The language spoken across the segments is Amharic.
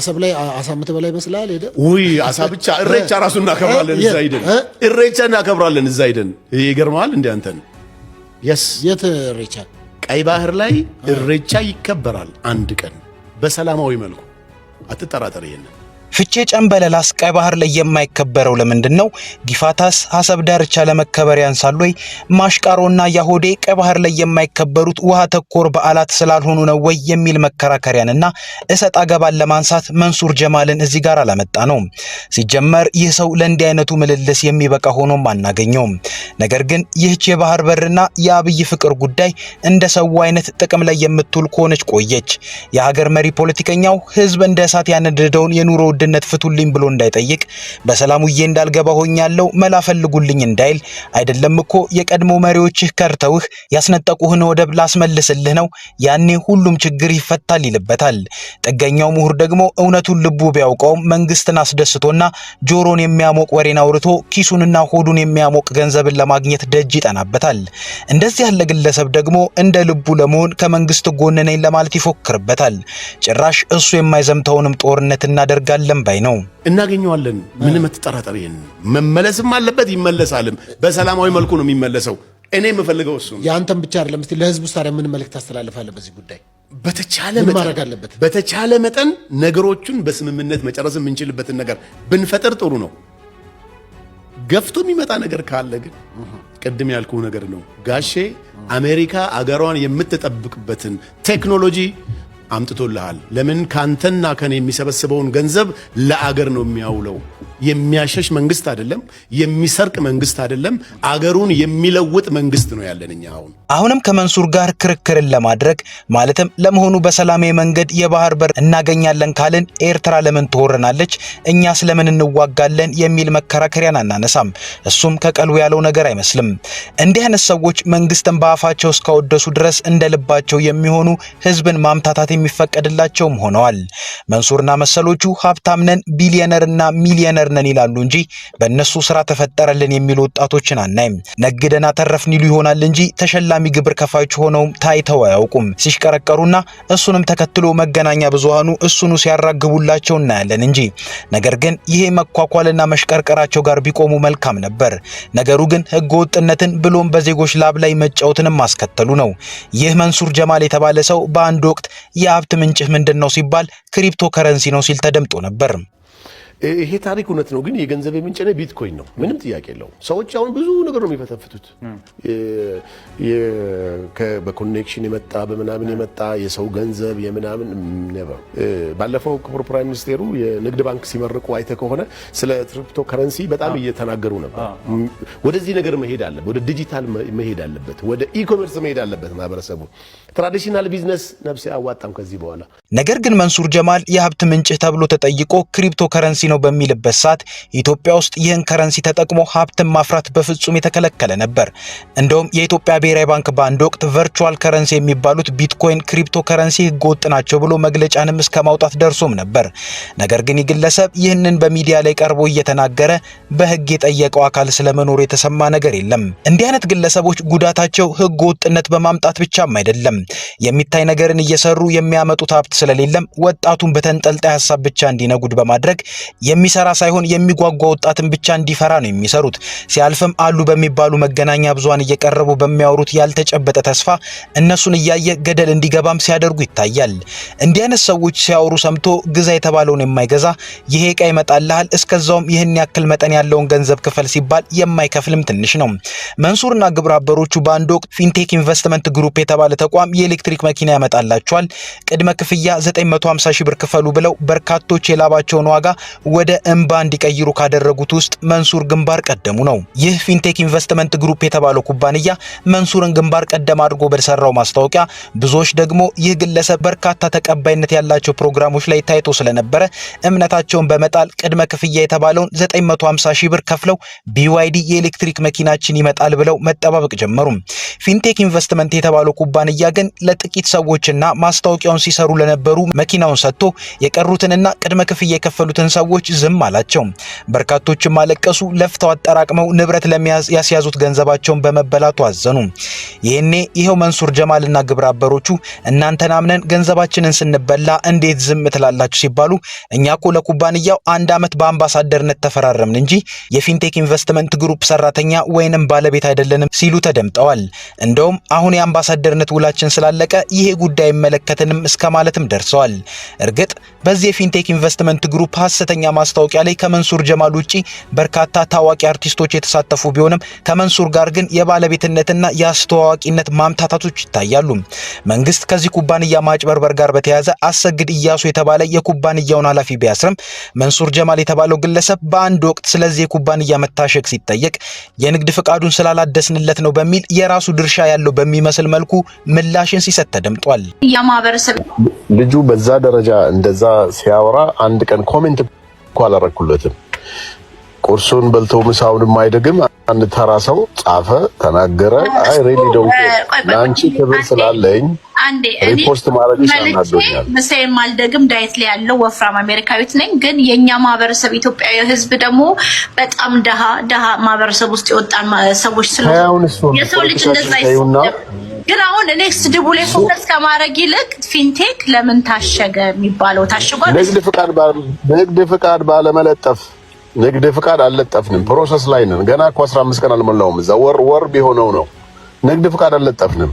አሰብ ላይ አሳ የምትበላ ይመስላል። ሄደ ውይ አሳ ብቻ እሬቻ ራሱ እናከብራለን። እዛ ሄደን እሬቻ እናከብራለን። እዛ ሄደን ይገርማል። እንደ አንተን የስ የት እሬቻ ቀይ ባህር ላይ እሬቻ ይከበራል። አንድ ቀን በሰላማዊ መልኩ አትጠራጠር። ይሄንን ፍቼ ጨንበለላስ ቀይ ባህር ላይ የማይከበረው ለምንድን ነው? ጊፋታስ አሰብ ዳርቻ ለመከበር ያንሳል ወይ? ማሽቃሮና ያሆዴ ቀይ ባህር ላይ የማይከበሩት ውሃ ተኮር በዓላት ስላልሆኑ ነው ወይ የሚል መከራከሪያንና እሰጥ አገባን ለማንሳት መንሱር ጀማልን እዚህ ጋር አላመጣ ነው። ሲጀመር ይህ ሰው ለእንዲህ አይነቱ ምልልስ የሚበቃ ሆኖም አናገኘውም። ነገር ግን ይህች የባህር በርና የአብይ ፍቅር ጉዳይ እንደ ሰው አይነት ጥቅም ላይ የምትውል ከሆነች ቆየች። የሀገር መሪ ፖለቲከኛው ህዝብ እንደ እሳት ያነደደውን የኑሮ ውድነት ፍቱልኝ ብሎ እንዳይጠይቅ፣ በሰላሙዬ ውዬ እንዳልገባ ሆኛለሁ መላ ፈልጉልኝ እንዳይል፣ አይደለም እኮ የቀድሞ መሪዎችህ ከርተውህ ያስነጠቁህን ወደብ ላስመልስልህ ነው፣ ያኔ ሁሉም ችግር ይፈታል ይልበታል። ጥገኛው ምሁር ደግሞ እውነቱን ልቡ ቢያውቀውም መንግስትን አስደስቶና ጆሮን የሚያሞቅ ወሬን አውርቶ ኪሱንና ሆዱን የሚያሞቅ ገንዘብን ለማግኘት ደጅ ይጠናበታል። እንደዚህ ያለ ግለሰብ ደግሞ እንደ ልቡ ለመሆን ከመንግስት ጎን ነኝ ለማለት ይፎክርበታል። ጭራሽ እሱ የማይዘምተውንም ጦርነት እናደርጋለን አይደለም ባይ ነው። እናገኘዋለን። ምንም አትጠራጠር። ይሄን መመለስም አለበት ይመለሳልም። በሰላማዊ መልኩ ነው የሚመለሰው። እኔ የምፈልገው እሱ የአንተም ብቻ አይደለም። እስቲ ለህዝቡ ታዲያ ምን መልእክት ታስተላልፋለ? በዚህ ጉዳይ? በተቻለ መጠን ነገሮቹን በስምምነት መጨረስ የምንችልበትን ነገር ብንፈጥር ጥሩ ነው። ገፍቶ የሚመጣ ነገር ካለ ግን ቅድም ያልኩ ነገር ነው ጋሼ። አሜሪካ አገሯን የምትጠብቅበትን ቴክኖሎጂ አምጥቶልሃል። ለምን ካንተና ከኔ የሚሰበስበውን ገንዘብ ለአገር ነው የሚያውለው። የሚያሸሽ መንግስት አይደለም፣ የሚሰርቅ መንግስት አይደለም፣ አገሩን የሚለውጥ መንግስት ነው ያለን እኛ። አሁን አሁንም ከመንሱር ጋር ክርክርን ለማድረግ ማለትም ለመሆኑ በሰላማዊ መንገድ የባህር በር እናገኛለን ካልን ኤርትራ ለምን ትወረናለች? እኛ ስለምን እንዋጋለን? የሚል መከራከሪያን አናነሳም። እሱም ከቀልቡ ያለው ነገር አይመስልም። እንዲህ አይነት ሰዎች መንግስትን በአፋቸው እስካወደሱ ድረስ እንደ ልባቸው የሚሆኑ ህዝብን ማምታታት የሚፈቀድላቸውም ሆነዋል። መንሱርና መሰሎቹ ሀብታምነን ቢሊየነርና ሚሊየነር ነን ይላሉ እንጂ በእነሱ ስራ ተፈጠረልን የሚሉ ወጣቶችን አናይም። ነግደን አተረፍን ይሉ ይሆናል እንጂ ተሸላሚ ግብር ከፋዮች ሆነውም ታይተው አያውቁም። ሲሽቀረቀሩና እሱንም ተከትሎ መገናኛ ብዙሃኑ እሱኑ ሲያራግቡላቸው እናያለን እንጂ። ነገር ግን ይሄ መኳኳልና መሽቀርቀራቸው ጋር ቢቆሙ መልካም ነበር። ነገሩ ግን ህገወጥነትን ብሎም በዜጎች ላብ ላይ መጫወትንም ማስከተሉ ነው። ይህ መንሱር ጀማል የተባለ ሰው በአንድ ወቅት የሀብት ምንጭህ ምንድን ነው ሲባል ክሪፕቶ ከረንሲ ነው ሲል ተደምጦ ነበር። ይሄ ታሪክ እውነት ነው፣ ግን የገንዘብ ምንጭ ቢትኮይን ነው። ምንም ጥያቄ የለውም። ሰዎች አሁን ብዙ ነገር ነው የሚፈተፍቱት። በኮኔክሽን የመጣ በምናምን የመጣ የሰው ገንዘብ የምናምን ነበር። ባለፈው ክቡር ፕራይም ሚኒስቴሩ የንግድ ባንክ ሲመርቁ አይተ ከሆነ ስለ ክሪፕቶ ከረንሲ በጣም እየተናገሩ ነበር። ወደዚህ ነገር መሄድ አለበት፣ ወደ ዲጂታል መሄድ አለበት፣ ወደ ኢኮሜርስ መሄድ አለበት ማህበረሰቡ። ትራዲሽናል ቢዝነስ ነፍሴ አዋጣም ከዚህ በኋላ። ነገር ግን መንሱር ጀማል የሀብት ምንጭ ተብሎ ተጠይቆ ክሪፕቶ ከረንሲ ከረንሲ ነው በሚልበት ሰዓት ኢትዮጵያ ውስጥ ይህን ከረንሲ ተጠቅሞ ሀብትን ማፍራት በፍጹም የተከለከለ ነበር። እንደውም የኢትዮጵያ ብሔራዊ ባንክ በአንድ ወቅት ቨርቹዋል ከረንሲ የሚባሉት ቢትኮይን፣ ክሪፕቶ ከረንሲ ህገወጥ ናቸው ብሎ መግለጫንም እስከ ማውጣት ደርሶም ነበር። ነገር ግን ይግለሰብ ግለሰብ ይህንን በሚዲያ ላይ ቀርቦ እየተናገረ በህግ የጠየቀው አካል ስለመኖሩ የተሰማ ነገር የለም። እንዲህ አይነት ግለሰቦች ጉዳታቸው ህገ ወጥነት በማምጣት ብቻም አይደለም። የሚታይ ነገርን እየሰሩ የሚያመጡት ሀብት ስለሌለም ወጣቱን በተንጠልጣይ ሀሳብ ብቻ እንዲነጉድ በማድረግ የሚሰራ ሳይሆን የሚጓጓ ወጣትን ብቻ እንዲፈራ ነው የሚሰሩት። ሲያልፍም አሉ በሚባሉ መገናኛ ብዙሃን እየቀረቡ በሚያወሩት ያልተጨበጠ ተስፋ እነሱን እያየ ገደል እንዲገባም ሲያደርጉ ይታያል። እንዲህ አይነት ሰዎች ሲያወሩ ሰምቶ ግዛ የተባለውን የማይገዛ ይሄ ዕቃ ይመጣልሃል፣ እስከዛውም ይህን ያክል መጠን ያለውን ገንዘብ ክፈል ሲባል የማይከፍልም ትንሽ ነው። መንሱርና ግብረ አበሮቹ በአንድ ወቅት ፊንቴክ ኢንቨስትመንት ግሩፕ የተባለ ተቋም የኤሌክትሪክ መኪና ያመጣላቸዋል። ቅድመ ክፍያ 950 ሺህ ብር ክፈሉ ብለው በርካቶች የላባቸውን ዋጋ ወደ እንባ እንዲቀይሩ ካደረጉት ውስጥ መንሱር ግንባር ቀደሙ ነው። ይህ ፊንቴክ ኢንቨስትመንት ግሩፕ የተባለው ኩባንያ መንሱርን ግንባር ቀደም አድርጎ በሰራው ማስታወቂያ፣ ብዙዎች ደግሞ ይህ ግለሰብ በርካታ ተቀባይነት ያላቸው ፕሮግራሞች ላይ ታይቶ ስለነበረ እምነታቸውን በመጣል ቅድመ ክፍያ የተባለውን 950 ሺህ ብር ከፍለው ቢዋይዲ የኤሌክትሪክ መኪናችን ይመጣል ብለው መጠባበቅ ጀመሩ። ፊንቴክ ኢንቨስትመንት የተባለው ኩባንያ ግን ለጥቂት ሰዎችና ማስታወቂያውን ሲሰሩ ለነበሩ መኪናውን ሰጥቶ የቀሩትንና ቅድመ ክፍያ የከፈሉትን ሰዎች ሰዎች ዝም አላቸው። በርካቶችም አለቀሱ፣ ለፍተው አጠራቅመው ንብረት ለመያዝ ያስያዙት ገንዘባቸውን በመበላቱ አዘኑ። ይህኔ ይኸው መንሱር ጀማልና ግብረ አበሮቹ እናንተን አምነን ገንዘባችንን ስንበላ እንዴት ዝም ትላላችሁ ሲባሉ እኛ ኮ ለኩባንያው አንድ ዓመት በአምባሳደርነት ተፈራረምን እንጂ የፊንቴክ ኢንቨስትመንት ግሩፕ ሰራተኛ ወይንም ባለቤት አይደለንም ሲሉ ተደምጠዋል። እንደውም አሁን የአምባሳደርነት ውላችን ስላለቀ ይሄ ጉዳይ አይመለከተንም እስከ ማለትም ደርሰዋል። እርግጥ በዚህ የፊንቴክ ኢንቨስትመንት ግሩፕ ሀሰተኛ ማስታወቂያ ላይ ከመንሱር ጀማል ውጪ በርካታ ታዋቂ አርቲስቶች የተሳተፉ ቢሆንም ከመንሱር ጋር ግን የባለቤትነትና የአስተዋዋቂነት ማምታታቶች ይታያሉ። መንግስት ከዚህ ኩባንያ ማጭበርበር ጋር በተያያዘ አሰግድ እያሱ የተባለ የኩባንያውን ኃላፊ ቢያስርም መንሱር ጀማል የተባለው ግለሰብ በአንድ ወቅት ስለዚህ የኩባንያ መታሸግ ሲጠየቅ የንግድ ፍቃዱን ስላላደስንለት ነው በሚል የራሱ ድርሻ ያለው በሚመስል መልኩ ምላሽን ሲሰጥ ተደምጧል። ልጁ በዛ ደረጃ እንደዛ ሲያወራ አንድ ቀን ኮሜንት እኮ አላረኩለትም። ቁርሱን በልተው ምሳውን አይደግም። አንድ ተራ ሰው ጻፈ፣ ተናገረ። አይ ሬሊ ደው ለአንቺ ክብር ስላለኝ ሪፖስት ማድረግ ይሻናዶኛል። ምሳዬን ማልደግም ዳይት ላይ ያለው ወፍራም አሜሪካዊት ነኝ። ግን የእኛ ማህበረሰብ ኢትዮጵያዊ ህዝብ ደግሞ በጣም ደሃ ደሃ ማህበረሰብ ውስጥ የወጣን ሰዎች ስለሆነ የሰው ልጅ እንደዛ ይሰ ግን አሁን እኔ ስድቡ ላይ ፎከስ ከማድረግ ይልቅ ፊንቴክ ለምን ታሸገ የሚባለው ታሽጓል። ንግድ ፍቃድ ባለመለጠፍ ንግድ ፍቃድ አልለጠፍንም። ፕሮሰስ ላይ ነን። ገና እኮ 15 ቀን አልሞላውም። እዛ ወር ወር ቢሆነው ነው። ንግድ ፍቃድ አልለጠፍንም።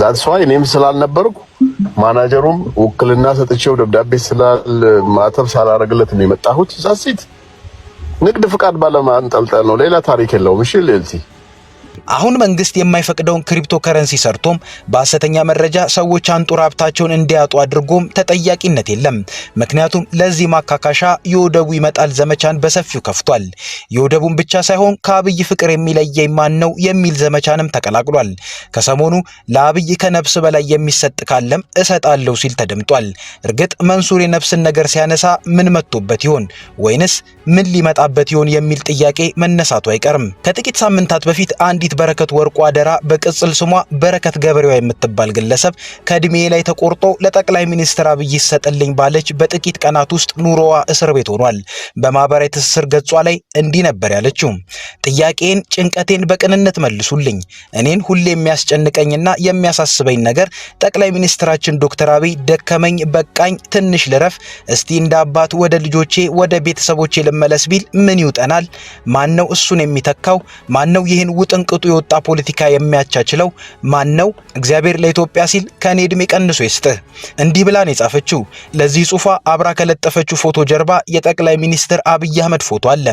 ዛት ሰው እኔም ስላልነበርኩ ማናጀሩም ውክልና ሰጥቼው ደብዳቤ ስላል ማተብ ሳላረግለት ነው የመጣሁት። ዛት ንግድ ፍቃድ ባለማንጠልጠል ነው። ሌላ ታሪክ የለውም። እሺ ልልቲ አሁን መንግስት የማይፈቅደውን ክሪፕቶ ከረንሲ ሰርቶም በሐሰተኛ መረጃ ሰዎች አንጡር ሀብታቸውን እንዲያጡ አድርጎም ተጠያቂነት የለም። ምክንያቱም ለዚህ ማካካሻ የወደቡ ይመጣል ዘመቻን በሰፊው ከፍቷል። የወደቡን ብቻ ሳይሆን ከአብይ ፍቅር የሚለየኝ ማን ነው የሚል ዘመቻንም ተቀላቅሏል። ከሰሞኑ ለአብይ ከነፍስ በላይ የሚሰጥ ካለም እሰጣለሁ ሲል ተደምጧል። እርግጥ መንሱር የነፍስን ነገር ሲያነሳ ምን መጥቶበት ይሆን ወይንስ ምን ሊመጣበት ይሆን የሚል ጥያቄ መነሳቱ አይቀርም። ከጥቂት ሳምንታት በፊት አንድ ዳጊት በረከት ወርቁ አደራ በቅጽል ስሟ በረከት ገበሬዋ የምትባል ግለሰብ ከእድሜ ላይ ተቆርጦ ለጠቅላይ ሚኒስትር አብይ ይሰጥልኝ ባለች በጥቂት ቀናት ውስጥ ኑሮዋ እስር ቤት ሆኗል። በማህበራዊ ትስስር ገጿ ላይ እንዲህ ነበር ያለችው። ጥያቄን፣ ጭንቀቴን በቅንነት መልሱልኝ። እኔን ሁሌ የሚያስጨንቀኝና የሚያሳስበኝ ነገር ጠቅላይ ሚኒስትራችን ዶክተር አብይ ደከመኝ፣ በቃኝ፣ ትንሽ ልረፍ፣ እስቲ እንደ አባት ወደ ልጆቼ ወደ ቤተሰቦቼ ልመለስ ቢል ምን ይውጠናል? ነው እሱን የሚተካው? ነው ይህን ውጥንቅ ቅጡ የወጣ ፖለቲካ የሚያቻችለው ማን ነው? እግዚአብሔር ለኢትዮጵያ ሲል ከእኔ ዕድሜ ቀንሶ ይስጥህ። እንዲህ ብላን የጻፈችው ለዚህ ጽሑፏ አብራ ከለጠፈችው ፎቶ ጀርባ የጠቅላይ ሚኒስትር አብይ አህመድ ፎቶ አለ።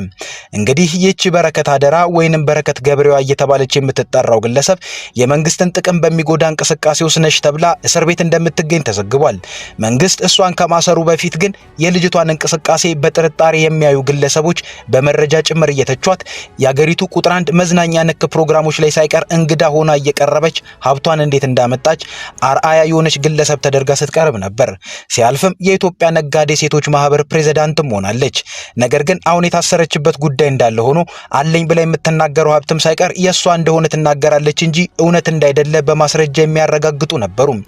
እንግዲህ ይህቺ በረከት አደራ ወይንም በረከት ገብሬዋ እየተባለች የምትጠራው ግለሰብ የመንግስትን ጥቅም በሚጎዳ እንቅስቃሴ ውስጥ ነሽ ተብላ እስር ቤት እንደምትገኝ ተዘግቧል። መንግስት እሷን ከማሰሩ በፊት ግን የልጅቷን እንቅስቃሴ በጥርጣሬ የሚያዩ ግለሰቦች በመረጃ ጭምር እየተቿት የአገሪቱ ቁጥር አንድ መዝናኛ ነክ ፕሮግራም ፕሮግራሞች ላይ ሳይቀር እንግዳ ሆና እየቀረበች ሀብቷን እንዴት እንዳመጣች አርአያ የሆነች ግለሰብ ተደርጋ ስትቀርብ ነበር። ሲያልፍም የኢትዮጵያ ነጋዴ ሴቶች ማህበር ፕሬዝዳንትም ሆናለች። ነገር ግን አሁን የታሰረችበት ጉዳይ እንዳለ ሆኖ አለኝ ብላ የምትናገረው ሀብትም ሳይቀር የእሷ እንደሆነ ትናገራለች እንጂ እውነት እንዳይደለ በማስረጃ የሚያረጋግጡ ነበሩም።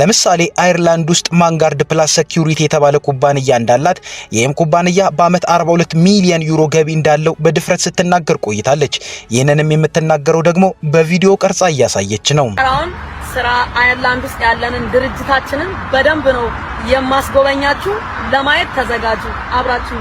ለምሳሌ አይርላንድ ውስጥ ማንጋርድ ፕላስ ሴኪሪቲ የተባለ ኩባንያ እንዳላት ይህም ኩባንያ በአመት 42 ሚሊዮን ዩሮ ገቢ እንዳለው በድፍረት ስትናገር ቆይታለች። ይህንንም የምትናገ ስትናገረው ደግሞ በቪዲዮ ቀርጻ እያሳየች ነው። አሁን ስራ አየርላንድ ውስጥ ያለንን ድርጅታችንን በደንብ ነው የማስጎበኛችሁ። ለማየት ተዘጋጁ። አብራችሁ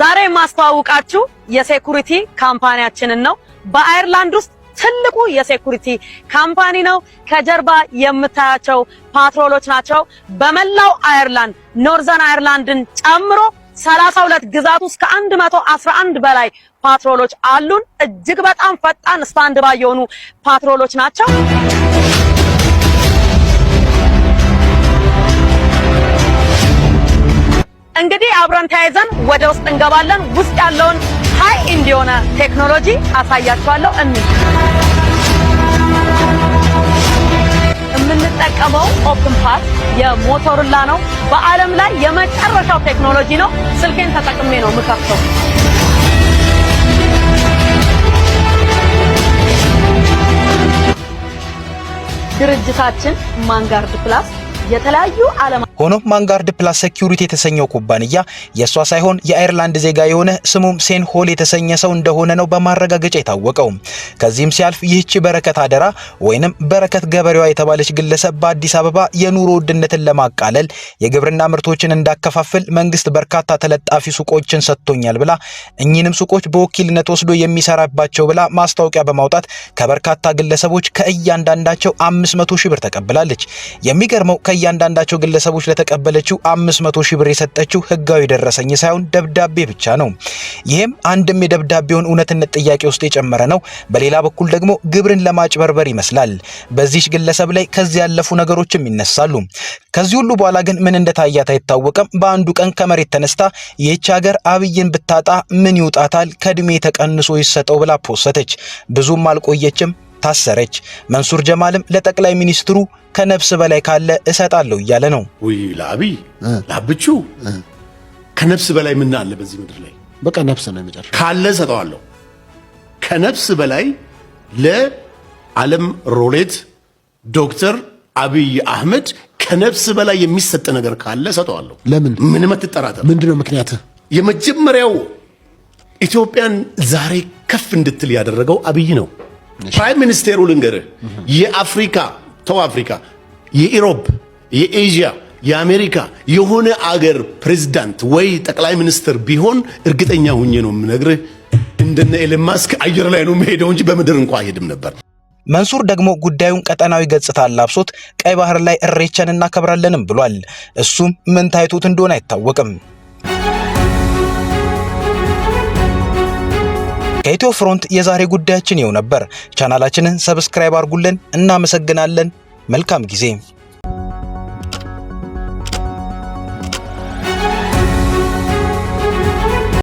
ዛሬ የማስተዋውቃችሁ የሴኩሪቲ ካምፓኒያችንን ነው። በአየርላንድ ውስጥ ትልቁ የሴኩሪቲ ካምፓኒ ነው። ከጀርባ የምታያቸው ፓትሮሎች ናቸው። በመላው አየርላንድ ኖርዘርን አየርላንድን ጨምሮ ሰላሳ ሁለት ግዛት ውስጥ ከአንድ መቶ አስራ አንድ በላይ ፓትሮሎች አሉን። እጅግ በጣም ፈጣን ስታንድ ባይ የሆኑ ፓትሮሎች ናቸው። እንግዲህ አብረን ተያይዘን ወደ ውስጥ እንገባለን። ውስጥ ያለውን ሀይ ኢንድ የሆነ ቴክኖሎጂ አሳያችኋለሁ። እንዴ የምንጠቀመው ኦፕን ፓስ የሞቶርላ ነው። በዓለም ላይ የመጨረሻው ቴክኖሎጂ ነው። ስልኬን ተጠቅሜ ነው የምከፍተው። ድርጅታችን ማንጋርድ ፕላስ የተለያዩ ዓለም ሆኖም ማንጋርድ ፕላስ ሴኪሪቲ የተሰኘው ኩባንያ የእሷ ሳይሆን የአይርላንድ ዜጋ የሆነ ስሙም ሴን ሆል የተሰኘ ሰው እንደሆነ ነው በማረጋገጫ የታወቀው። ከዚህም ሲያልፍ ይህቺ በረከት አደራ ወይንም በረከት ገበሬዋ የተባለች ግለሰብ በአዲስ አበባ የኑሮ ውድነትን ለማቃለል የግብርና ምርቶችን እንዳከፋፍል መንግስት በርካታ ተለጣፊ ሱቆችን ሰጥቶኛል ብላ እኚህንም ሱቆች በወኪልነት ወስዶ የሚሰራባቸው ብላ ማስታወቂያ በማውጣት ከበርካታ ግለሰቦች ከእያንዳንዳቸው 500 ሺህ ብር ተቀብላለች። የሚገርመው ከእያንዳንዳቸው ግለሰቦች ለተቀበለችው 500 ሺህ ብር የሰጠችው ህጋዊ ደረሰኝ ሳይሆን ደብዳቤ ብቻ ነው። ይህም አንድም የደብዳቤውን እውነትነት ጥያቄ ውስጥ የጨመረ ነው። በሌላ በኩል ደግሞ ግብርን ለማጭበርበር ይመስላል። በዚህ ግለሰብ ላይ ከዚህ ያለፉ ነገሮችም ይነሳሉ። ከዚህ ሁሉ በኋላ ግን ምን እንደታያት አይታወቅም። በአንዱ ቀን ከመሬት ተነስታ ይህች ሀገር አብይን ብታጣ ምን ይውጣታል፣ ከእድሜ ተቀንሶ ይሰጠው ብላ ፖሰተች። ብዙም አልቆየችም። ታሰረች። መንሱር ጀማልም ለጠቅላይ ሚኒስትሩ ከነፍስ በላይ ካለ እሰጣለሁ እያለ ነው። ውይ ለአብይ ለአብቹ ከነፍስ በላይ ምን አለ በዚህ ምድር ላይ? በቃ ነፍስ ነው የመጨረሻው። ካለ እሰጠዋለሁ። ከነፍስ በላይ ለዓለም ሮሌት ዶክተር አብይ አህመድ ከነፍስ በላይ የሚሰጥ ነገር ካለ እሰጠዋለሁ። ለምን ምን መትጠራጠር? ምንድነው ምክንያት? የመጀመሪያው ኢትዮጵያን ዛሬ ከፍ እንድትል ያደረገው አብይ ነው። ፕራይም ሚኒስቴሩ ልንገርህ የአፍሪካ ተው አፍሪካ የኢሮፕ የኤዥያ የአሜሪካ የሆነ አገር ፕሬዚዳንት ወይ ጠቅላይ ሚኒስትር ቢሆን እርግጠኛ ሁኜ ነው የምነግርህ እንደነ ኤለን ማስክ አየር ላይ ነው የሚሄደው እንጂ በምድር እንኳ አይሄድም ነበር። መንሱር ደግሞ ጉዳዩን ቀጠናዊ ገጽታ አላብሶት ቀይ ባህር ላይ እሬቻን እናከብራለንም ብሏል። እሱም ምን ታይቶት እንደሆነ አይታወቅም። ከኢትዮ ፍሮንት የዛሬ ጉዳያችን ይኸው ነበር። ቻናላችንን ሰብስክራይብ አድርጉልን። እናመሰግናለን። መልካም ጊዜ